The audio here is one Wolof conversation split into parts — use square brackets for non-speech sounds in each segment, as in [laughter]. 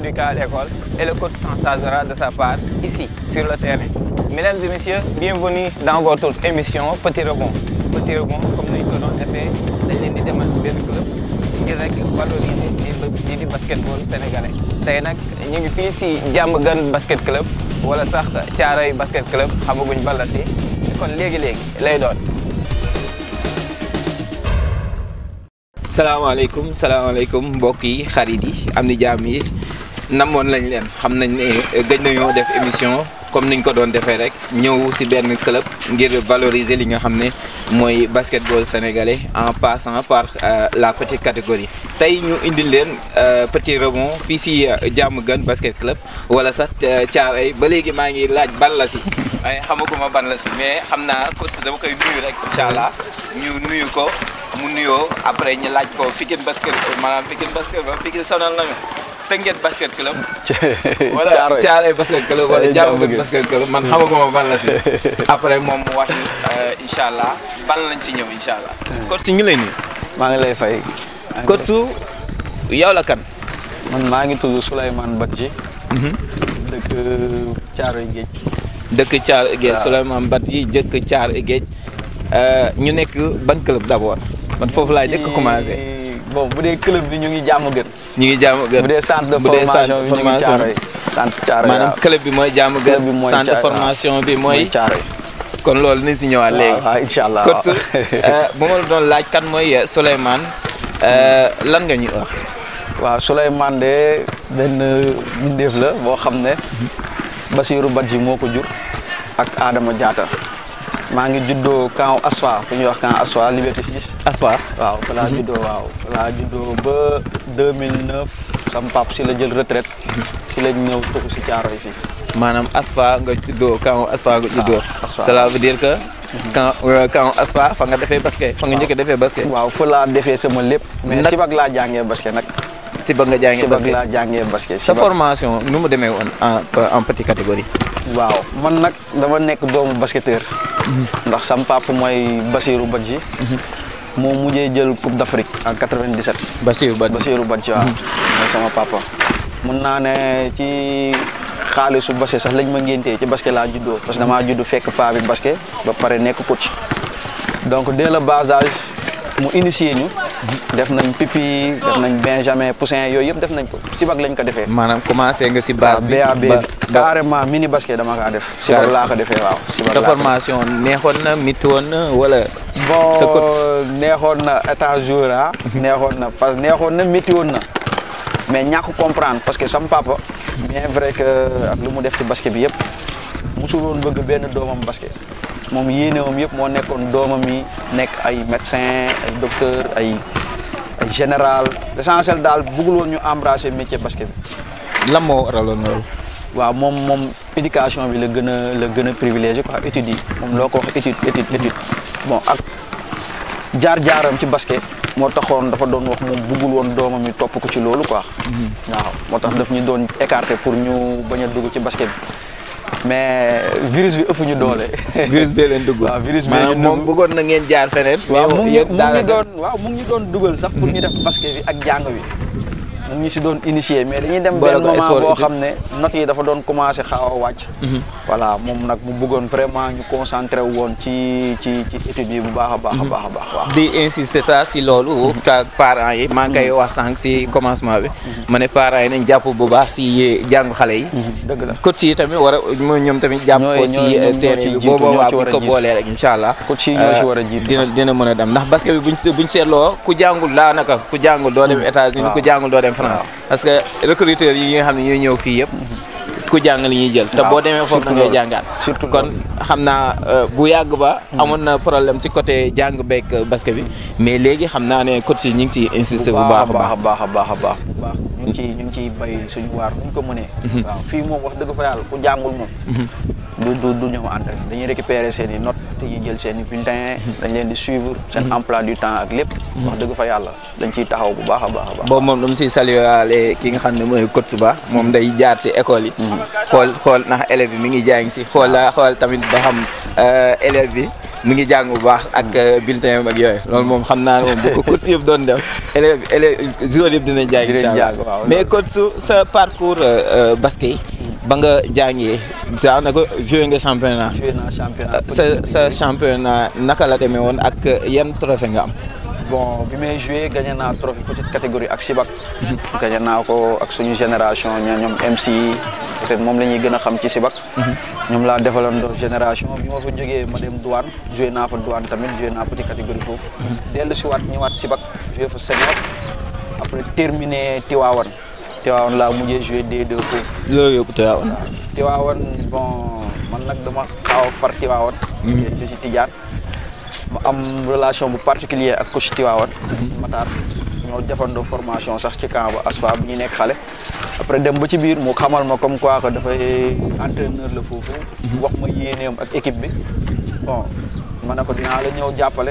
du éducat à et le coach s'en de sa part ici, sur le terrain. Mesdames et messieurs, bienvenue dans votre émission Petit Rebond. Petit Rebond, comme nous l'avons fait, c'est leen de demal si basket. club ngir rek valoriser de basket-ball basketball sénégalais tey nag ñu ngi fii basket club wala sax Thiaroye basket club xamaguñ bala si kon léegi-léegi lay doon Salam salaamaaleykum salam alaikum, Boki yi Amni ni yi namoon lañ leen xam nañ ne eh, gëj nañoo def émission comme niñ ko doon defee rek ñëw ci benn club ngir valoriser li nga xam ne mooy basketball sénégalais en passant par euh, la petite catégorie. tey ñu indil leen euh, petit rebond fii ci euh, jàmm gën basket club wala sax Thiaroye ba léegi maa ngi laaj ban la ci ay xamaguma ban la ci mais xam naa coach dama koy nuyu rek incha allah ñu nuyu ko mu nuyoo après ñu laaj ko Pikine basket maanaam Pikine basket ba Pikine sonal nañu. Teungueth [laughs] ya? basket club wala Thiaré basket club wala Diamaguène basket club man xamaguma ban la [laughs] ci après mom mu wax eh, inshallah ban lañ ci ñew inshallah coach ñu lay ni ma ngi lay fay coach iya, la kan man ma ngi tuddu Souleymane Badji mhm. dëkk Thiaré Guedj dëkk Thiaré Guedj ya. Souleymane Badji dëkk Thiaré Guedj euh ñu nek ban club d'abord man fofu lay dëkk commencer boobu bu dee club bi ñu ngi jàmm gën ñu ngi jàmm gën bu dee centre de formation bi ñu ngi caaroy centre caaroy maanaam club bi mooy jàmm gën centre de formation bi mooy caaroy kon loolu nañ si ñëwaat léegi waaw incha allah kon su euh, bu ma la doon laaj kan mooy euh, Souleymane euh, lan nga ñuy wax waaw Souleymane de benn bindeef la boo xam ne Basirou Badji moo ko jur ak aadama Diatta maa judo juddoo kan Aswa ku ñuy wax camp Aswa Liberté 6. Aswa waaw fa mhm. judo wow waaw fa laa juddoo ba 2009 sama pap si la jël retraite si lañ ñëw tuxu si caaro yi fii. Aswa nga judo camp kan Aswa nga judo ah, Aswa cela veut dire que. Mhm. Kan, camp Aswa fa nga defee basket. fa nga njëkk a defee basket. waaw fa laa defee sama lépp. mais basket nak si ba nga jàngee basket si ba laa jàngee basket. sa formation nu mu demee en en catégorie. waaw man dama doomu basketteur. ndax sam papa mooy Basirou Badji. Mhm. moo mujje jël coupe d' Afrique en 97. Basirou Badji Basirou Badji waaw mhm. mooy sama papa. mun naa ne ci xaalisu base sax lañ ma ngéntee ci basket laa juddoo parce que damaa mhm. judd fekk paa bi basket ba pare nekk coach donc dès le bas mu initier ñu def nañ pipi def nañ benjamin poussin yooyu yëpp def nañ ko sibak lañ ko defee. maanaam commencé nga si base bi ba carrément mini basket dama kaa def. sibak laa ko defee waaw. sibak laa ko defee neexoon na métti na wala. bon neexoon na état jour ah. [laughs] neexoon na parce que neexoon na métti na. mais ñàkk comprendre parce que sama papa. bien vrai que ak lu mu def ci basket bi yëpp. musul woon bëgg benn doomam basket moom yéenewam yëpp moo nekkoon doomam yi nekk ay médecin ay docteur ay général l'essentiel daal bëggul woon ñu embrasser métier basket bi. lan moo waraloon loolu. waaw moom moom éducation bi la gën a la gën a privilégié quoi études yi moom loo ko wax étude étude étude bon ak jaar-jaaram ci basket. moo taxoon dafa doon wax moom buggul woon doomam yi topp ko ci loolu quoi. Mhm. waaw moo tax daf ñu doon écarté pour ñu bañ a dugg ci basket bi. mais virus bi ëpp ñu doole. virus bee leen dugg. [laughs] waaw virus bee leen dugg moom na ngeen jaar feneen. waaw mu ngi mu doon waaw mu ñu doon dugal sax. pour ñu def basket bi ak jàng wi ñu ngi si doon initié mais dañuy dem benn moment boo xam ne notes yi dafa doon commencé xaaw a wàcc mhm. voilà moom nag mu bëggoon vraiment ñu concentré woon ci ci ci étude yi bu baax a baax a mhm. baax di insister ta si loolu ka mhm. parents yi maa ngi koy wax sànq si commencement bi ma ne parents yi nañ jàpp bu baax si jàng xale yi dëgg la coach yi tamit war a ñoom tamit jàpp ko si terrain bi boo boobaa bu ko boolee rek incha allah coach yi ñoo si war a euh, dina dina mën dem ndax basket bi buñ buñ seetloo ku jàngul daanaka ku jàngul doo dem États-Unis ku jàngul doo dem France parce que recruteurs yi nga xam ne ñooy ñëw fii yëpp ku jàng li ñuy jël te boo demee foofu da ngay jàngaat kon xam naa euh, bu yàgg ba hmm. amoon na problème si côté jàng beeg euh, basket bi mais léegi xam naa ne coach yi ñu ngi si insisté bu baax a baax a baax a baax ñu ngi ciy ñu ngi ciy bay suñu waar ñu ko mënee hmm. moom wax dëgg fa yàlla ku jàngul moom hmm. du du du ñu récupérer seen i notes dañuy jël seen i bulletins dañ leen di suivre seen mhm. emploi du temps ak lépp. Mhm. wax dëgg fa yàlla dañ ciy taxaw bu baax a baax a baax. boobu moom dama ki nga xam ne mooy coach ba mhm. moom day jaar si école yi. xool xool ndax élèves yi mi ngi jàng si xool la xool tamit ba xam euh, élèves bi mu ngi jàng bu baax ak euh, bulletin ak yooyu loolu moom xam naa ne moom bu ko coach yëpp doon def élèves élèves joueurs yëpp dinañ jàng. dinañ jàng waaw mais coach sa parcours euh, basket. ba nga jàngee daanaka joué nga championnat. joué naa championnat. sa sa championnat naka la demee woon ak yan trophée nga am. bon bi may joué gagné naa trophée petite catégorie ak Sibac. gagné naa ko ak suñu génération ñoom MC peut-être moom la ñuy gën a xam ci Sibac. ñoom laa defalandoo génération bi ma fa jógee ma dem douane joué naa fa duwaan tamit joué naa petite catégorie foofu. Mhm. dellu si waat ñëwaat Sibac joué fa senior après terminé Tiwaawan. Tiwaawan laa mujjee joué D2 foofu. Tiwaawan. bon man nag dama xaw a far Tiwaawan. parce que hmm. je suis ma am relation bu particulier ak coach Tiwaawan. Hmm. Matar ñoo defandoo formation sax ci camp ba ASFA bu ñu nekk xale. après dem ba ci biir mu xamal ma comme quoi que dafay entraîneur la foofu. Hmm. wax ma yéeneem ak équipe bi bon ma ne ko dinaa la ñëw jàppale.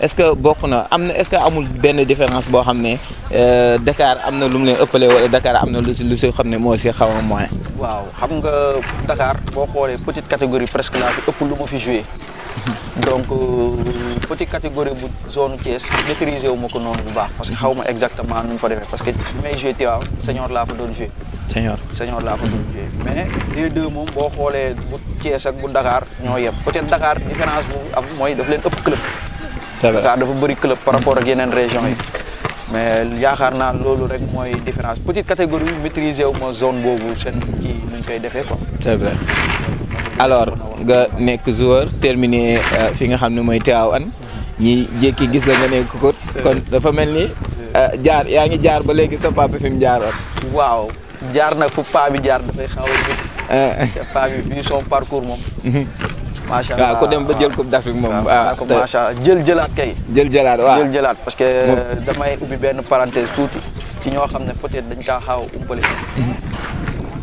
est-ce que est-ce que amul ben différence bo xamné euh Dakar amna lum wala Dakar amna lu les lu waaw xam nga Dakar bo xolé petite catégorie presque laa fi ëpp fi jouer [laughs] donc euh, petite catégorie bu zone Thiès maîtriser wu bu baax parce que xawma exactement nu fa parce que le may le Tivaouane senior la fa doon le senior senior la fa mhm. doon jouer mais les deux mom bo xolé bu Thiès ak bu Dakar ñoy yeb peut-être Dakar différence bu am daf leen ëpp club. Dakar dafa bëri club par rapport ak yeneen région yi mais yaakaar naa loolu rek mooy différence petite catégorie maîtriser wu ma zone boobu seen kii nuñ koy defee quoi c'est alors nga nekk joueur terminé euh, fi nga xam ne mooy Tivaouane ñi jékki gis la nga nekk coach kon dafa mel ni euh, jaar yaa ngi jaar ba léegi sa papa fi mu jaaroon waaw jaar nag fu paa bi jaar dafay xaw a métti euh. parce bi fii son moom mhm. macha allah waaw ku dem ba jël coupe Jil moom. waaw macha allah jël jëlaat kay. jël jëlaat waaw jël jëlaat parce que damay ubbi benn parenthèse tuuti ci ñoo xam ne peut-être dañ kaa xaaw umpale.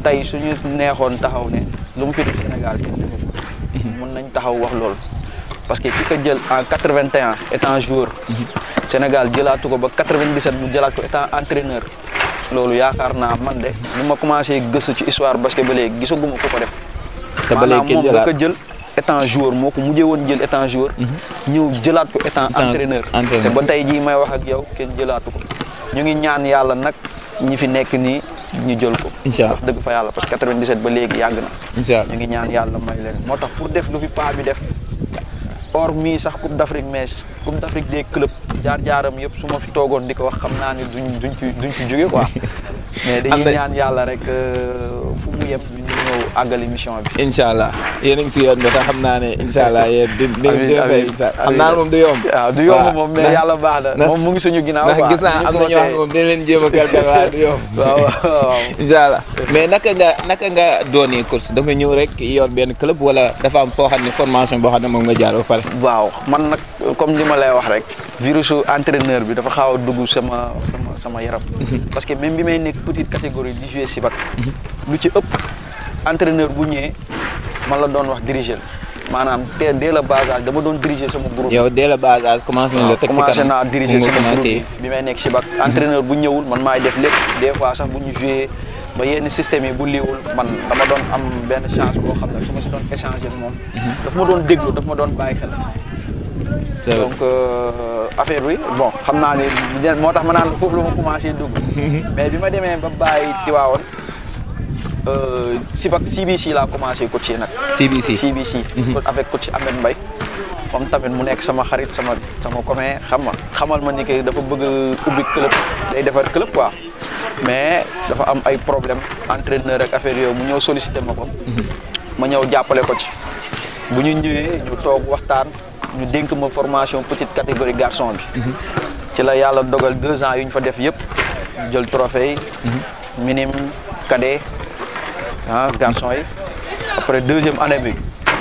tey suñu neexoon taxaw ne lu mu fi def Sénégal kenn mën nañ taxaw wax loolu parce que ki jël en 81 étant joueur. Sénégal jëlaatu ba 97 mu jëlaat étant entraîneur. loolu yaakaar naa man de ni ma commencé gëstu ci histoire basket ba léegi gisaguma ko ko def. te jël. étant joueur moo ko mujjee woon jël étant joueur. Mhm. ñëw jëlaat ko étant entraîneur. te ba tey jii may wax ak yow kenn jëlaatu ko ñu ngi ñaan yàlla nag ñi fi nekk nii ñu jël ko. incha allah dëgg fa yàlla parce que 97 ba léegi yàgg na. incha allah ñu ngi ñaan yàlla may leen moo tax pour def lu fi paa bi def. or mii sax coupe d' afrique mais coupe d' afrique des clubs jaar jaaram yëpp su ma fi toogoon di ko wax xam naa ni du duñ duñ ci duñ ci jóge quoi. [laughs] mais dañuy ñaan yàlla rek euh, fu mu yem ñu ñëw émission bi. incha allah yéen si yoon bi xam naa ne incha allah yéen di di di xam naa moom du yomb. waaw yomb moom mais yàlla baax na. moom mu ngi suñu ginnaaw quoi gis naa am na ñoo xam ne moom dañ leen jéem a gàllankoor waaye yomb. [laughs] waaw waaw incha mais naka nga naka nga doonee course da ñëw rek yor benn club wala dafa am foo xam ne formation boo xam ne moom nga jaar ba pare. waaw man nag comme li ma lay wax rek. virusu entreneur bi dafa xaaw a dugg sama sama yaram. parce que même bi may nek petite catégorie di jouer sibak lu ci ëpp entraîneur bu ñëwee man la doon wax diriger manam te dès le bas âge dama doon diriger sama groupe. yow dès le bas âge commencé nañ la teg si kanam commencé naa diriger sama groupe bi may nek sibak entraîneur bu ñëwul man maay def lépp des fois sax bu ñu jouer ba yenn système yi bu liwul man dama doon am benn chance boo xam ne su ma si doon échanger moom. Mhm. daf ma doon déglu daf ma doon bàyyi xel. donc euh, affaire bi bon xam naa ni moo tax ma naan foofu la ma commencé dugg [laughs] mais bi ma demee ba bàyyi tiwaawoon euh, si CBC laa commencé nag CBC CBC mhm. avec coach Ahmed Mbaye moom tamit mu nekk sama xarit sama sama copain xam ma xamal ma ni que dafa bëgg ubbi club day defar club quoi mais dafa am ay problème entraîneur ak affaire yooyu mu ñëw sollicité ma ko mhm. ma ñëw jàppale ko ci bu ñu ñëwee ñu toog waxtaan ñu dénk ma formation petite catégorie garçon bi. ci la yàlla dogal deux ans yu ñu fa def yëpp jël trophée minimum, cadet ah garçon yi. après deuxième année bi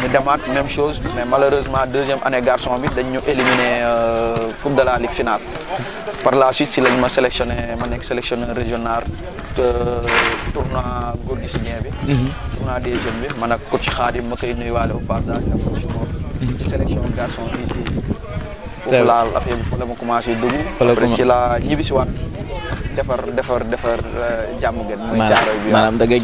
ñu demaat même chose mais malheureusement deuxième année garçon bi dañ ñu éliminé euh, coupe de la ligue finale. par la suite si lañ ma sélectionné ma nekk sélectionneur régional euh, tournoi góor gi bi. Mhm. tournoi des jeunes bi man ak coach Khadim ma koy nuyuwaale au passage ci mmh. sélection garçon fii ci. foofu laa affaire bi fa la ma commencé dugg. fa la ci laa ñibbisi ñibbisiwaat defar defar defar euh, jàmm gën. mooy caaro bi maanaam da nga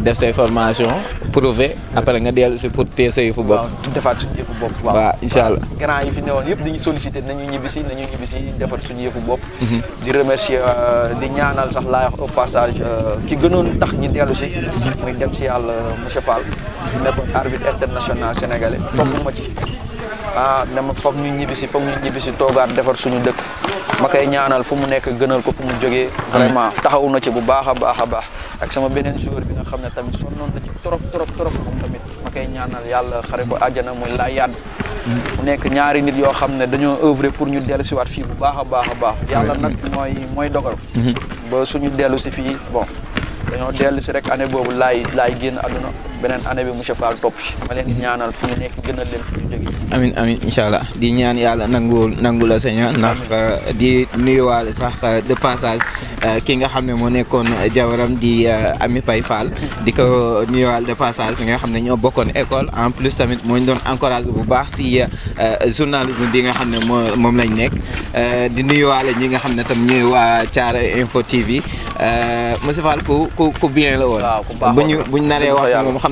def say formation prouver après nga dellu si pour téye sa yëfu bopp. waaw defaat suñu yëfu bopp. waaw incha allah grand yi fi newoon yëpp dañuy solliciter nañu ñibbi si nañu ñibbi si defar suñu yëfu bopp. Mhm. di remercier euh, di ñaanal sax laay wax au passage euh, ki gënoon tax ñi dellu si. Mhm. muy dem ci yalla monsieur Fall. Mhm. nekkoon arbitre international sénégalais. topp ma ci. ah dama foog ñu ñibbi si foog ñu ñibbi si toogaat defar suñu dëkk ma koy ñaanal fu mu nekk gënal ko fu mu jógee vraiment taxaw na ci bu baax a baax a baax ak sama beneen joueur bi nga xam ne tamit sonnoon na ci trop trop trop tamit ma koy ñaanal yàlla xare ko àjjana muy laa yàdd mu nekk ñaari nit yoo xam ne dañoo œuvre pour ñu dellu siwaat fii bu baax a baax a baax yàlla nag mooy mooy dogal mhm. ba suñu dellu si fii bon dañoo dellu si rek année boobu laay laay génn àdduna beneen année bi monsieur Fall topp ci ma allah di ñaan yàlla nanguwul nangu la sañ ndax uh, di nuyuwaale sax uh, de passage uh, nga xam ne moo nekkoon jabaram di Ami Pay Fall di ko nuyuwaale de bi nga xam ne ñoo bokkoon école en plus tamit moo ñu doon encouragé bu baax si journalisme bi nga xam ne moo moom lañ nekk di nuyuwaale ñi nga xam ne tam ñooy waa Thiaroye Info TV monsieur Fall ku bien la woon. waaw naree wax si moom xam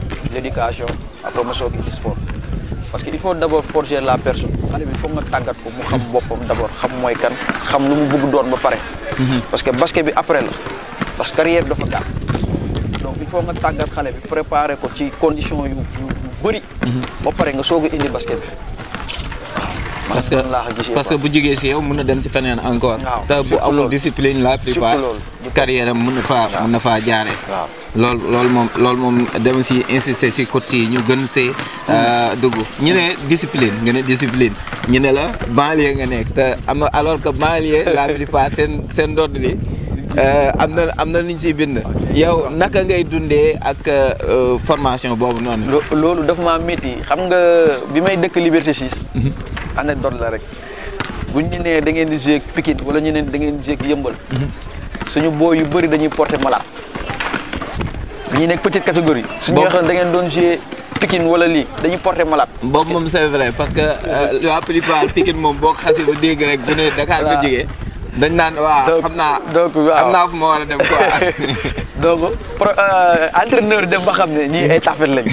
l'éducation la promotion du sport parce que il faut d'abord forger la personne xale bi foog nga tàggat ko mu xam boppam d'abord xam mooy kan xam lu mu bugg doon ba pare mhm. parce que basket bi après la parce que carrière dafa gàtt donc il faut nga tàggat xale bi préparer ko ci condition yu bëri mhm. ba pare nga soog a indi basket bi parce que parce que bu jógee si yow mën na dem si feneen encore. te bu amul discipline la plupart carrière am na faa mën na faa jaaree. lool loolu moom loolu moom dem si insister si côté yi ñu gën see hmm. euh, dugg ñu ne discipline nga ne discipline ñu ne la banlieue nga nekk te am na alors que banlieue la plupart seen seen ndodd euh, am na am na lu ñu siy bind. yow naka ngay dundee ak euh, formation boobu noonu. loolu dafa maa métti xam nga bi may dëkk Liberté 6. anecdote la rek buñ ñu né da ngeen di jouer pikine wala ñu né da ngeen yëmbal suñu boy yu bari dañuy porter malade ñi nek petite catégorie suñu waxal da ngeen doon jouer pikine wala li dañuy porter malade bob mom c'est vrai parce que la plupart pikine mom bok xasse bu dégg rek bu né dakar nga jigé dañ naan waaw xam naa donc waaw am naa fu ma war dem quoi donc entraîneur dem ba ay tafet lañ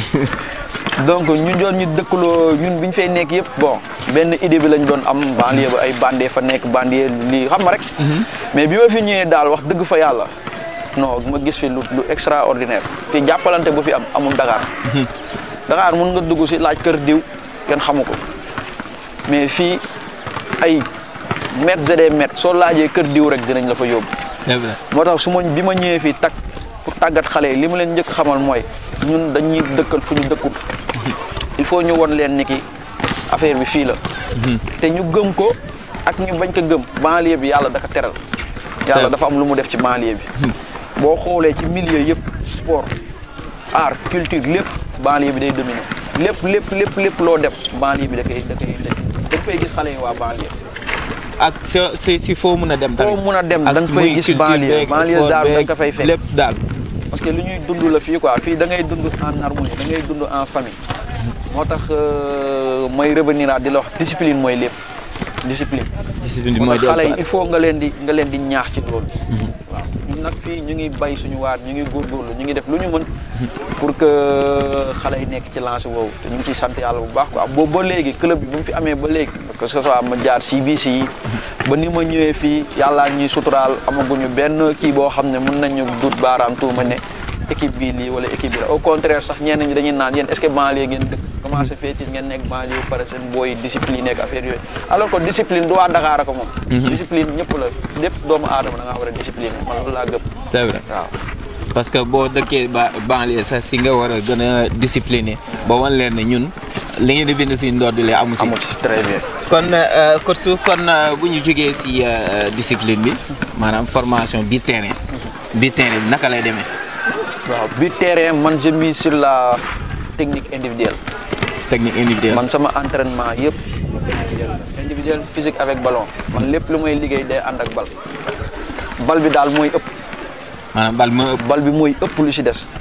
donc ñu doon ñu dëkkaloo ñun bi ñu fay nekk yëpp bon benn idée bi lañ doon am banlieue ba ay bandé fa nekk bandé lii xam ma rek. Mhm. mais bi ma fi ñëwee daal wax dëgg fa yàlla noo ma gis fi lu lu extraordinaire fi jàppalante bu fi am amul Dakar. Mhm. Dakar mun nga dugg si laaj kër diw kenn xamu ko mais fii ay mètres et des mètres soo laajee kër diw rek dinañ la fa yóbbu. moo tax su ma bi ma ñëwee fii tag pour tàggat xale yi li ma leen njëkk xamal mooy ñun dañuy dëkkal fu ñu dëkkut. il faut ñu won leen ni ki affaire bi fii la mhm. te ñu gëm ko ak ñu bañ ko gëm banlieue bi yàlla daka teral yàlla dafa am lu mu def ci banlieue bi mhm. boo xoolee ci milieu yëpp sport art culture lépp banlieue bi day dominer lépp lépp lépp lépp lo dem banlieue bi da koy da koy da fay gis xale yi banlieue ak sa si si foo mën a dem foo mën a dem da nga fay gis banlieue banlieue jaar da nga fay fekk lépp daal parce que lu ñuy dund la fii quoi fii da ngay dund en harmonie da ngay dund en famille motax eh, may revenir di la wax discipline moy lepp discipline discipline moy xalé il faut nga len di nga len di ñaax ci lool mhm. waaw ñun nak fi ñu ngi bay suñu waar ñu ngi gor ñu ngi def lu mën mhm. pour que xalé eh, nek ci lance wowo ñu ngi ci sante yalla bu baax bo bo légui club bu fi amé ba légui que ce soit ma jaar CBC ba ni ma ñëwé fi yalla ñi sutural amaguñu ben ki bo xamné mën nañu dut baram tuuma né équipe bi lii wala équipe bi la au contraire sax ñenn ñi dañuy naan yéen est-ce que banlieue ngeen dëkk commencé feeti ngeen nekk banlieue pare seen booy discipline ak affaire yooyu alors que discipline du waa Dakar ko moom mhm. discipline ñëpp la lépp doomu aadama da ngaa war a discipline man loolu laa gëm c'est parce que boo dëkkee banlieue sax si nga war a gën a discipliné ba wan leen ne ñun li ngeen di bind si di lee amu si amu si très bien kon euh, coach kon euh, bu ñu jógee si euh, discipline bi maanaam formation bi terrain bi terrain bi naka lay demee waaw bi terrain je sur la technique individuelle. technique individuelle man sama entraînement individuel physique avec ballon man day bi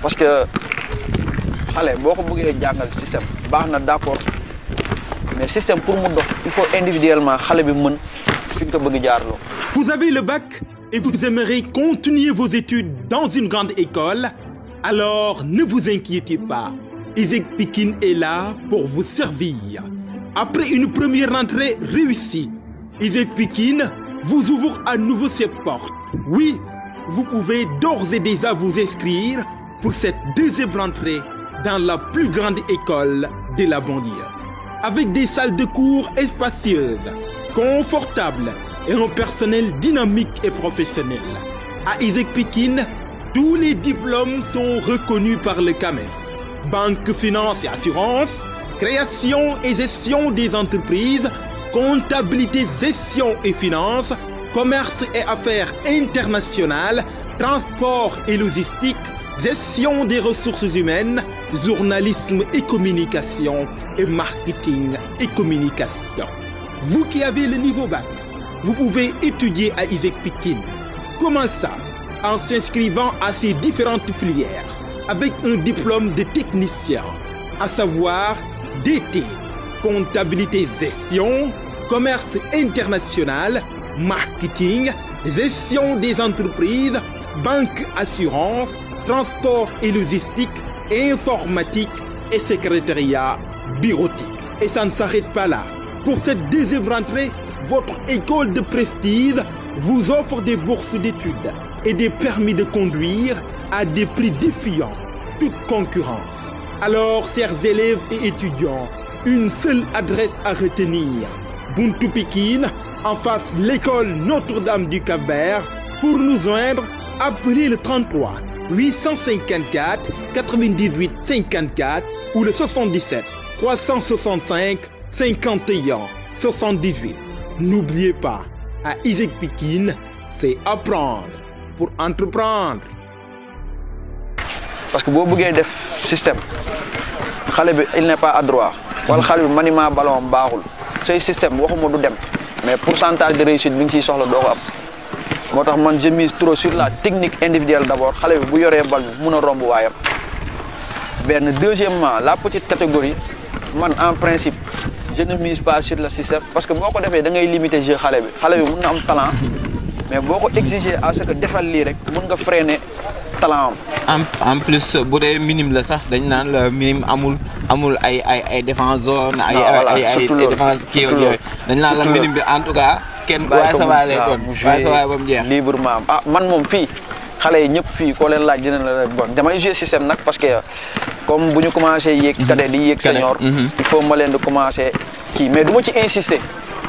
parce que système d'accord mais système pour mu il faut individuellement vous avez le bac et vous aimeriez continuer vos études dans une grande école. Alors ne vous inquiétez pas, Isaac Pikin est là pour vous servir. Après une première rentrée réussie, Isaac Pikin vous ouvre à nouveau ses portes. Oui, vous pouvez d'ores et déjà vous inscrire pour cette deuxième rentrée dans la plus grande école de la banlieue. Avec des salles de cours espacieuses, confortables et un personnel dynamique et professionnel. À Isaac Pikin, tous les diplômes sont reconnus par le CAMES. Banque, finance et assurance, création et gestion des entreprises, comptabilité, gestion et finance, commerce et affaires internationales, transport et logistique, gestion des ressources humaines, journalisme et communication et marketing et communication. Vous qui avez le niveau bac, vous pouvez étudier à Isaac e Pikin. Comment ça en s'inscrivant à ces différentes filières avec un diplôme de technicien, à savoir DT, comptabilité gestion, commerce international, marketing, gestion des entreprises, banque assurance, transport et logistique, informatique et secrétariat bureautique. Et ça ne s'arrête pas là. Pour cette deuxième rentrée, votre école de prestige vous offre des bourses d'études et des permis de conduire à des prix défiants toute concurrence. Alors, chers élèves et étudiants, une seule adresse à retenir. Buntu en face l'école Notre-Dame du cap pour nous joindre, appelez le 33 854 98 54 ou le 77 365 51 78. N'oubliez pas, à Isaac Pekin c'est apprendre pour entreprendre. parce que boo bëggee def système le bi il n'est pas adroit il n'est bi maniement ballon baaxul c'est système waxuma du dem mais pourcentage de réussite bi nga le soxla doo je mise trop sur la technique individuelle d'abord xale bi bu pas bal bi a pas deuxièmement la petite catégorie man en principe je ne mise pas sur le système parce que boo ko defee da ngay limiter jeu xale bi xale bi pas talent mais boo ko exiger à ce que defal lii rek mun nga freiner talent am. en plus bu dee minime la sax dañ naan la minime amul amul ay ay ay défense zone. ay ay ay défense kii yooyu dañ naan la minime bi en tout cas. kenn waaye sa waay lay doon waaye ba mu jeex librement ah man moom fii xale yi ñëpp fii koo leen laaj dinañ la bon damay jouer système nag parce que comme bu ñu commencé yéeg mhm. cadet di yéeg senior mhm. il faut ma leen di commencé ki mais du ma ci insister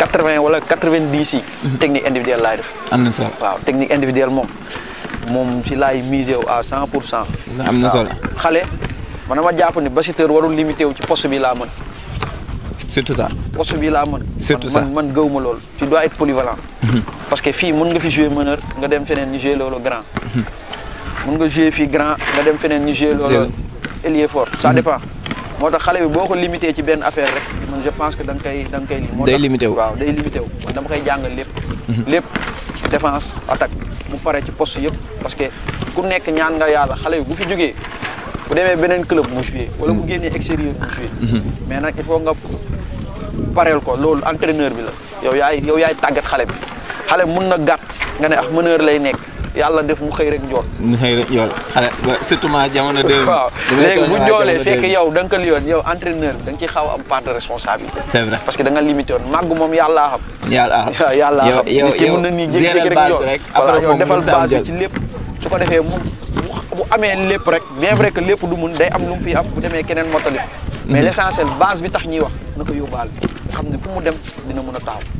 80 wala 90 yi. Mhm. technique individuelle laay def. am na solo waaw technique individuelle moom moom ci laay misé wu à 100 pour cent. am na solo xale man dama jàpp ni basketteur warul limité wu ci poste bi laa mën. surtout ça poste bi laa mën. surtout ça man man gëw ma loolu. tu dois être polyvalent. Mhm. parce que fii mën nga fi jouer meneur nga dem feneen ñu jouer loolu grand. Mhm. mën nga jouer fii grand nga dem feneen ñu jouer loolu. ailier fort ça dépend. moo tax xale bi boo ko limité ci benn affaire rek. je pense que da nga koy da koy lii. day limité wu waaw day limité wu man dama koy jàngal lépp. Mhm. lépp défense attaque mu pare ci post yëpp parce que ku nekk ñaan nga yàlla xale yu bu fi jógee bu demee beneen club mu wala bu mhm. génnee extérieur mu mhm. mais nag il faut nga pareel ko loolu entraîneur bi la yow yaay yow yaay tàggat xale bi xale mun na gàtt nga ne ah meneur lay nekk. yàlla def mu xëy rek njool. mu xëy rek njool surtout ma jamono deux. waaw léegi bu joolee fekk yow da yoon ko liyoon yow bi da nga xaw am part de responsabilité. c'est vrai parce que da nga limité woon màgg moom yàllaa xam. yàllaa xam [laughs] yàllaa xam yow yow mën na nii jékki lépp su ko defee moom bu amee lépp rek bien vrai que lépp du mun day am lu fi am bu demee keneen motali mais mhm. l'essentiel base bi tax ñuy wax na ko yóbbaale xam ne fu mu dem dina mun a taxaw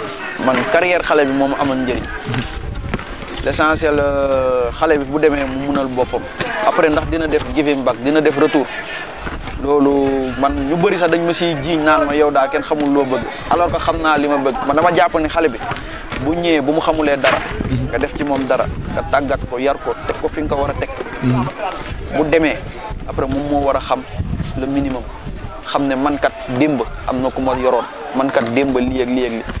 man carrière xale bi moom amal njëriñ l'essentiel euh, xale bi bu demee mu munal boppam après ndax dina def giving back dina def retour loolu man ñu bëri sax dañ ma si jiiñ naan ma yow daa kenn xamul loo bëgg alors que xam naa li ma bëgg man dama jàpp ni xale bi bu ñëwee bu mu xamulee dara nga def ci moom dara nga tàggat ko yar ko teg ko fi nga ko war a teg bu demee après moom moo war a xam le minimum xam ne man kat démb am na ku ma yoroon man kat démb lii ak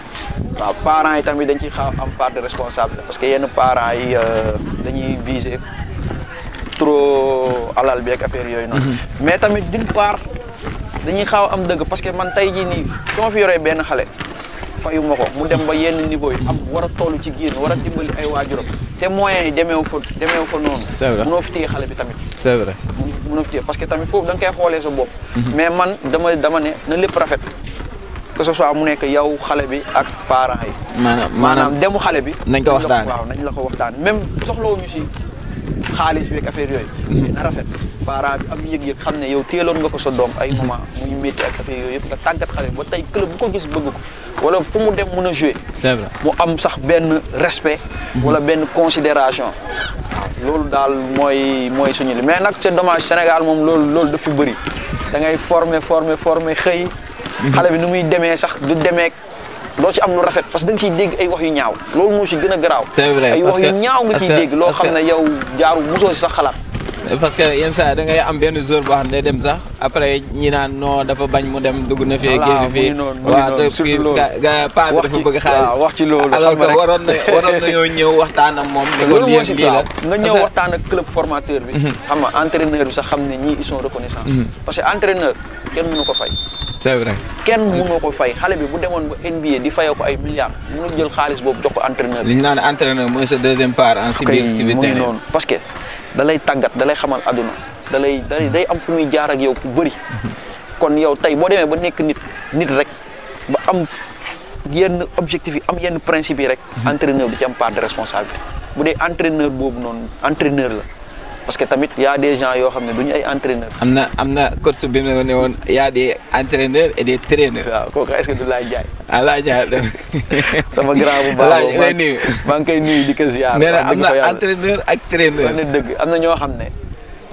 waaw parents yi tamit dañ ci xaw am part de responsable parce que yenn parents yi euh, dañuy viser trop alal bi ak affaire yooyu noonu mhm. mais tamit d'une part dañuy xaw am dëgg parce que man tey jii nii su ma fi yoree benn xale fayu ma ko mu dem ba yenn niveau yi am war a toll ci giir war a dimbali ay waajuram te moyens yi demeewu fa demeewu fa noonu mënoo fi téye xale bi tamit c'est vrai mënoo fi téye parce que tamit foofu da nga koy xoolee sa bopp mhm. mais man dama dama ne na lépp rafet que ce soit mu nek yow xale bi ak parents yi. manam manam demu xale bi. nañ ko waxtaan waaw nañ la ko waxtaan même soxlo wu ci xaalis bi ak affaire yooyu. na rafet parents bi am yëg-yëg xamne yow téelon nga ko sa dom ay moment muy métti ak affaire yoy yëpp nga tàggat xale ba tay club bu ko gis bëgg ko wala fu mu dem mëna jouer c'est vrai mu am sax ben respect. wala ben considération loolu dal moy moy suñu li mais nak ci dommage Sénégal mom loolu loolu da fi bëri da ngay former former former xëy. xale bi nu muy demee sax du demee doo ci am lu rafet parce que da nga ciy dégg ay wax yu ñaaw loolu moo ci gën a garaaw ay wax yu ñaaw nga ciy dégg loo xam ne yow jaaru mosoo si sax xalaat parce que yenn saa da ngay am benn jour boo xam ne dem sax après ñi naan non dafa bañ mu dem dugg na fee génn fii waaw te kii ga paa bi dafa bëgg xaalis wax ci loolu alors que waroon na waroon na ñoo ñëw waxtaan ak moom ne ko lii lii la nga ñëw waxtaan ak club formateur bi mhm. xam nga entraîneur bi sax xam ne ñii ils sont reconnaissants mhm. parce que entraîneur kenn mënu ko fay. c'est vrai kenn mënoo ko fay xale bi bu demoon ba NBA di fayoo ko ay milliards mënul jël xaalis boobu jox ko entraîneur bi. li ñu naan entraîneur mooy sa deuxième part en. si biir si noonu parce que da lay tàggat dalay lay xamal àdduna da day am fu muy jaar ak yow fu bëri. kon yow tey boo demee ba nekk nit nit rek ba am yenn objectif yi am yenn principe yi rek. Mhm. entraîneur bi ci am part de responsabilité bu dee entraîneur boobu noonu entraîneur la. parce que tamit y a des gens yoo xam ne du ñu ay entraîneurs. am na am na coach woon y a des entraîneurs et des traîneurs. waaw kooku est-ce que du laaj jaay. ah laaj sama grand bu baax boobu maa ngi koy nuyu di ko ziar. dëgg am na ñoo xam ne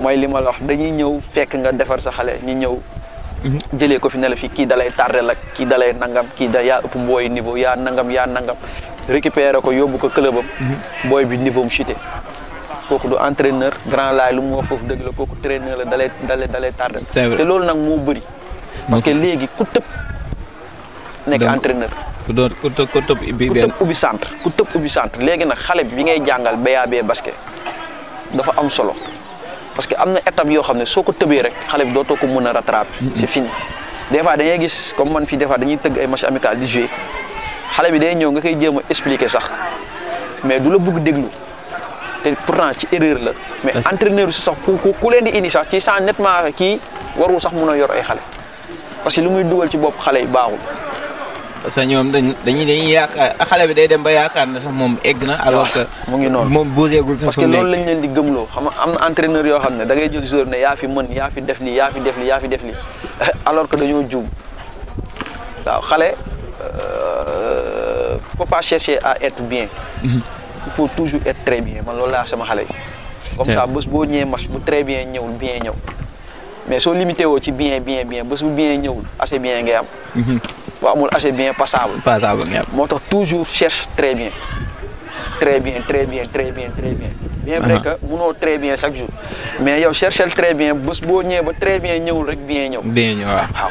mooy li dañuy ñëw fekk nga defar sa xale ñu ñëw. Mhm. jëlee ko fi ne la fii kii dalay tardel ak kii dalay nangam kii da yaa ëpp mbooy niveau yaa nangam yaa nangam récupéré ko yóbbu ko clubam. Mhm. booy bi niveau am chuté. kooku du entraîneur grand laay lu mu wax foofu dëgg la kooku traîneur la dalay dalay dalay tardé. te loolu nag moo bëri. parce que léegi ku tëb nekk entraîneur. ku doon ku tëb ku tëb ubbi. benn ubbi centre ku tëb ubbi centre léegi nag xale bi ngay jàngal BAB basket dafa am solo parce que am na étape yoo xam ne soo ko tëbee rek xale bi dootoo ko mën a rattraper. Mm-hmm. c'est fini des fois dañuy gis comme man fii des fois dañuy tëgg ay match amical di jouer xale bi day ñëw nga koy jéem a expliquer sax te pourtant ci erreur la. mais entraîneur bi sax ku ku leen di indi sax ci sans nettement kii warul sax mun a yor ay xale. parce que lu muy dugal ci bopp xale yi baaxul. parce que ñoom dañuy dañuy yaakaar xale bi day dem ba yaakaar na sax moom egg na. alors que mu ngi noonu moom boseegul sax. parce que loolu lañ leen di gëmloo xam nga am na entraîneur yoo xam ne da ngay jël joueur ne yaa fi mën yaa fi def lii yaa fi def lii yaa fi def lii [laughs] alors que dañoo juum waaw xale euh, faut chercher à être bien. Mhm. il faut toujours être très bien man loolu laa sama comme ça bés boo ñëwee bu très bien ñëwul bien ñëw. mais soo limité woo bien bien bien bés bu bien ñëwul assez bien ngay am. boo mhm. amul assez bien passable. passable ngay am toujours cherche très bien. très bien très bien très bien très bien. bien vrai uh-huh. que très bien chaque jour. mais yow cherchel très bien bés boo ñëwee ba très bien ñëwul rek bien ñëw. bien ñëw waaw.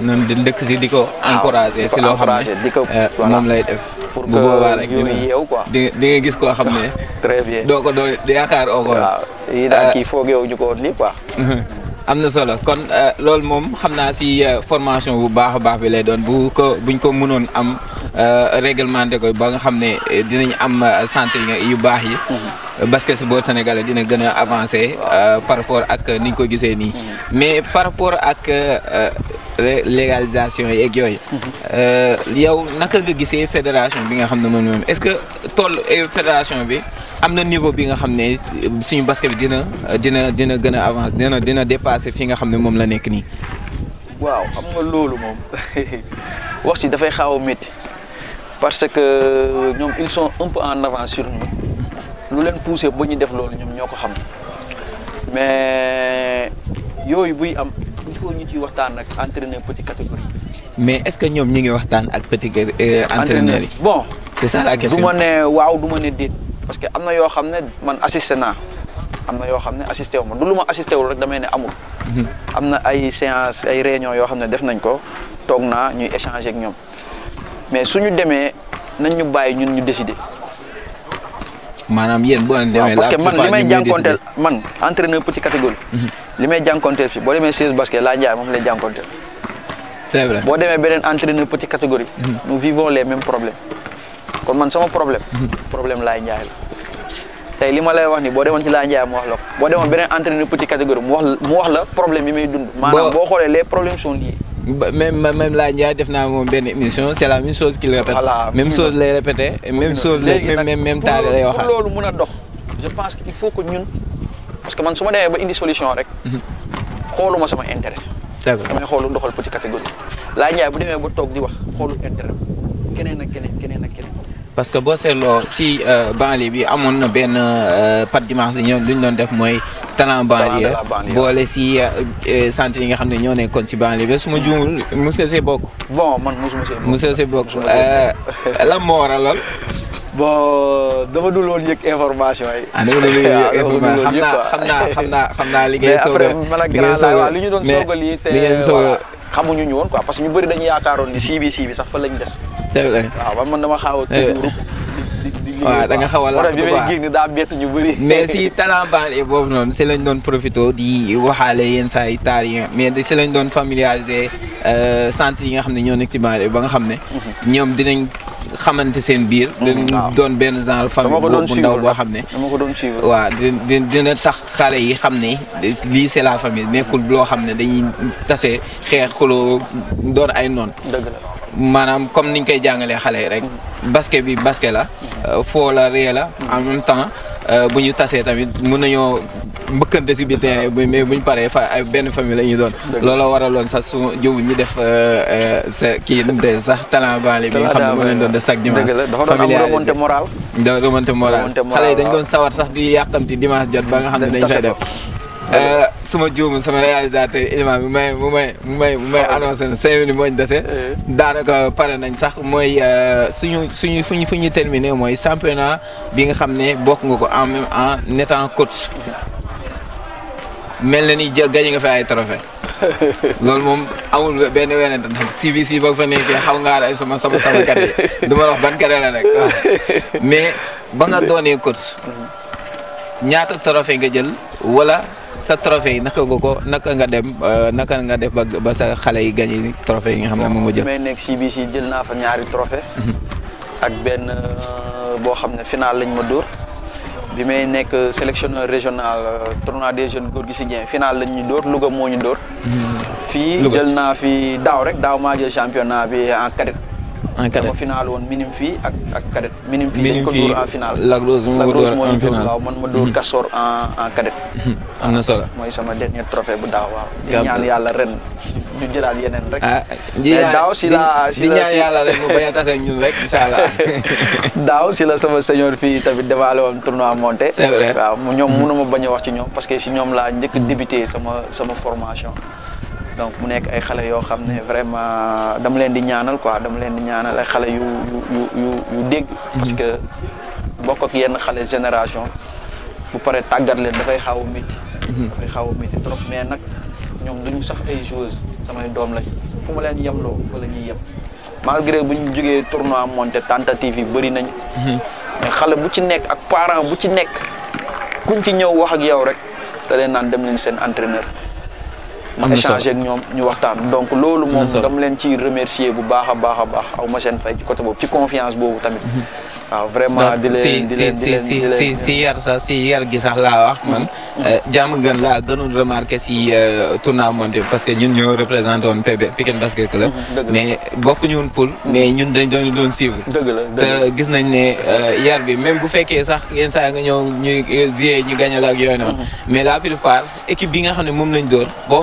noonu di dëkk si di ko ah, encouragé si loo xam ne eh, moom lay di di nga gis koo xam ne [laughs] très bien doo ko doo yaakaar oo ko waaw yi daal kii foogeewu ñu ko woon lii quoi [laughs] am na solo kon eh, loolu moom xam naa si eh, formation bu baax a baax bi lay doon bu ko buñ ko mënoon am réglementé ko ba nga xam ne dinañ am santé yu baax yi mhm. basketball sénégalais dina gën a avancé par rapport ak ni ko gisee nii mhm. mais par rapport ak légalisation et mhm. euh yow naka nga une fédération bi nga xamné mom est-ce que toll eh, fédération bi amna niveau bi nga suñu basket dina dina dina avancer dina dépasser fi nga la nek ni waaw xam nga [laughs] wax ci parce que ils sont un peu en avance sur nous lu poussé def mais que ñu ciy waxtaan ak entraîneur petit catégorie mais est-ce que ñoom ñu ngi waxtaan ak petit euh, entraîneur yi. bon c'est ça la question du ma waaw du ma ne déet. parce que am na yoo xam ne man assisté naa am na yoo xam ne assisté wu ma du lu ma assisté wul rek damay ne amul. Mhm. am na ay séance ay réunion yoo xam ne def nañ ko toog naa ñuy échanger ak ñoom mais su ñu demee nañ ñu bàyyi ñun ñu décider. maanaam yéen boo leen demee parce que man li may jànkonteel man entraîneur petit catégorie. Mhm. limay may fi bo démé demee 16 basket la ndjay mom lay jànkonteel. c'est vrai bo démé benen entraîneur petite catégorie. Mhm. nous vivons les mêmes problèmes. kon man sama problème. Mhm. problème laay njaay la. tey li ma lay wax ni bo démon ci laa ndjay mo wax la bo démon benen entraîneur petite catégorie mo wax mu wax la problème yi may dund. manam bo xolé les problèmes sont liés. même même la njaay def naa benn émission c'est la même chose qu'il répète. même chose lay répété. même chose même, même même taille. lay waxaat. loolu mën dox je pense qu'il faut que ñun. parce que man su ma demee ba indi solution rek. Mhm. xooluma sama intérêt. d'accord damay xoolu doxal petit catégorie. Laye Ndiaye bu demee ba toog di wax xoolu intérêt keneen ak keneen ak keneen. parce que boo seetloo si euh, banlieue bi amoon na benn euh, pat dimanche li ñu doon def mooy. talent banlieue boole si euh, centre yi nga xam ne ñoo nekkoon si banlieue bi su ma juumul mos nga bokk. bon man mosuma see bokk mosuma see bokk lan moo lool. [laughs] bon dama dul woon yëg information yi. ah dama dul yëg information xam naa xam naa xam naa xam naa li ngay soog a mais après li ñu doon soog a lii te xamuñu ñu woon quoi parce que ñu bëri dañu yaakaaroon ni sii bi sax fa lañu des. c'est man man dama xaaw a da nga xaw a laaj bi ñu bëri. mais si talent banlieue boobu noonu lañ doon profité di waxaale yenn saa yi taar yi mais si lañ doon familiariser centre yi nga xam ne ñoo nekk ci banlieue ba nga xam ne. ñoom dinañ xamante seen biir. waaw doon benn genre famille bu ndaw boo xam ne. dina tax xale yi xam ne c'est la famille nekkul loo xam dañuy tase xeex xuloo doon ay noon dëgg comme niñ koy jàngalee xale rek. basket bi basket la. foo la ree la. en même temps bu ñu tamit mën mbëkkante si biir terrain bu mais paree fa ay benn famille la ñuy doon. looloo waraloon sax su jiw ñu def euh, sa kii de sax talent banlieue bi nga xam ne doon def dimanche. dëgg la dafa doon am remonté moral. da remonté moral xale yi dañ doon sawar sax di yàqamti dimanche jot ba nga xam ne dañ fay def. Euh, suma juum sama réalisateur Ilima bi may mu mu may mu may ah, annoncé na cinq minutes moo ñu dese. Eh. daanaka pare nañ sax mooy euh, suñu suñu fu fu ñu terminé mooy championnat bi nga xam ne bokk nga ko en même en étant coach. mel na ni ja gañe nga fi ay trophée [laughs] loolu moom amul benn wenante nag si bi ba fa nekkee xaw ngaa ay sama sama sama kat yi [laughs] du ma wax ban kare la mais ba nga doonee coach ñaata trophée nga jël wala sa trophée yi naka nga ko naka nga dem euh, naka nga def ba sa xale yi gañi trophée yi nga xam ne moom nga jël. may nekk CBC jël naa fa ñaari trophée [laughs] ak benn euh, boo xam ne final lañ ma dóor. bi may nekk sélectionneur régional euh, tournoi des jeunes góor gi si Dieng final lañ ñu dóor Louga moo ñu dóor. Hmm. fii jël naa fi daaw rek daaw maa jël championnat bi en cadette. en cadet final woon minim fii ak ak cadet. minim fii dañ ko dóor en final. Lac Rose moo ko dóor waaw man ma dóor mhm. Castor en en [laughs] na solo mooy sama dernier trophée bu daaw waaw. ñaan yàlla ren ñu jëlaat yeneen rek. ah daaw si la si la yàlla rek mu bañ [laughs] [laughs] la sama seigneur fii tamit demaale woon tournoi monté. c'est vrai waaw ñoom mhm. mënu ma bañ wax ci ñoom parce que si ñoom laa njëkk mhm. débuté sama sama formation. donc mu nekk ay xale yoo xam ne vraiment dama leen di ñaanal ko dama leen di ñaanal ay xale yu yu yu dégg. Mhm. parce que bokk ak yenn xale génération bu pare tàggat leen dafay xaw a métti. Mhm. dafay xaw a métti trop mais nag ñoom ñu sax ay joueuses samay doom lañ fu ma leen yemloo fa la ñuy yem malgré bu ñu jógee tournoi monté tentative yi bëri nañu mhm. mais xale bu ci nekk ak parent bu ci nekk kuñ ci ñëw wax ak yow rek da leen naan dem leen seen entraîneur. échanger ñoom ñu waxtaan donc loolu moom dama leen ci remercier bu baax a baax a baax ma seen fay ci côté boobu ci confiance bobu tamit mhm. vraiment di leen di leen di si si si yar sa si yar gi sax la wax man jam mhm. euh, gën la gënul remarquer si euh, tournoi monde parce que ñun ñoo représenté woon PB Pikine Basket Club mhm, mais bokkuñu woon pool mais ñun dañ doon doon suivre dëgg la te gis nañ ne euh, yar bi même bu fekkee sax yenn sa nga ñëw ñuy jouer ñu gàñal ak yoy noonu mais la plupart équipe bi nga xam mom lañ door bo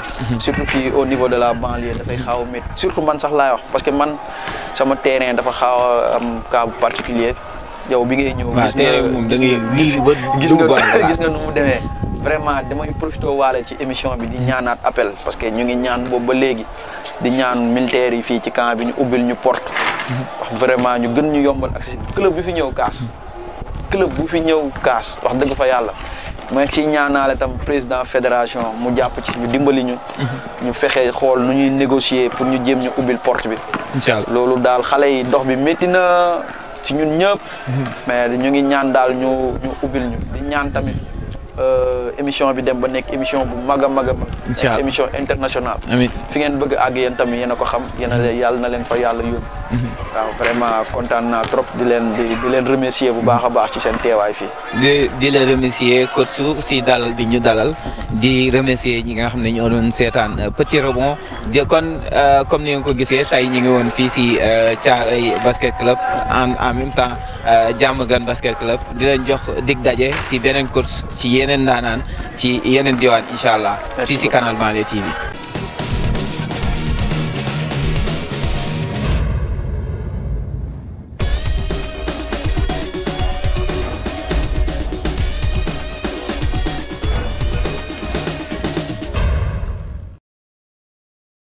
Mhm. surtout fii au niveau de la banlieue dafay xaaw a métti surtout man sax laay wax parce que man sama terrain dafa xaaw a am cas bu particulier yow bi ngay ñëw gis nga da ngay gis nga gis nga nu mu demee vraiment damay profité waale ci émission bi di ñaanaat appel parce que ñu ngi ñaan boobu ba léegi di ñaan militaires yi fii ci camp bi ñu ubbil ñu porte mhm. wax vraiment ñu gën ñu yombal accès club bi fi ñëw kaas club bu fi ñëw kaas wax dëgg fa yàlla ma ci ñaanaale tam président fédération mu jàpp ci ñu dimbali ñu. Mhm. ñu fexe xool nu ñuy négocier pour ñu jéem ñu ubbil port bi. incha loolu daal xale yi dox bi métti na ci ñun ñëpp. Mhm. mais ñu ngi ñaan daal ñu ñu ubbil ñu di ñaan tamit. Euh, émission bi dem ba nekk émission bu mag a mag a mag émission internationale fi ngeen bëgg àgg yéen tamit yéen a ko xam yéen a yàlla na leen fa yàlla yóbbu mhm. waaw vraiment kontaan na trop di leen di di leen remercier bu baax a baax ci seen teewaay fii di di leen remercier coach si dalal di ñu dalal di remercier ñi nga xam ne ñoo doon seetaan euh, petit rebond kon euh, comme ni nga ko gisee tey ñu ngi woon fii si Thiaroye basket club en en même temps Eh, jam gan basket club di leen jox dig daje si benen course ci yeneen ndaanaan ci yeneen diwaan si canal Banlieue TV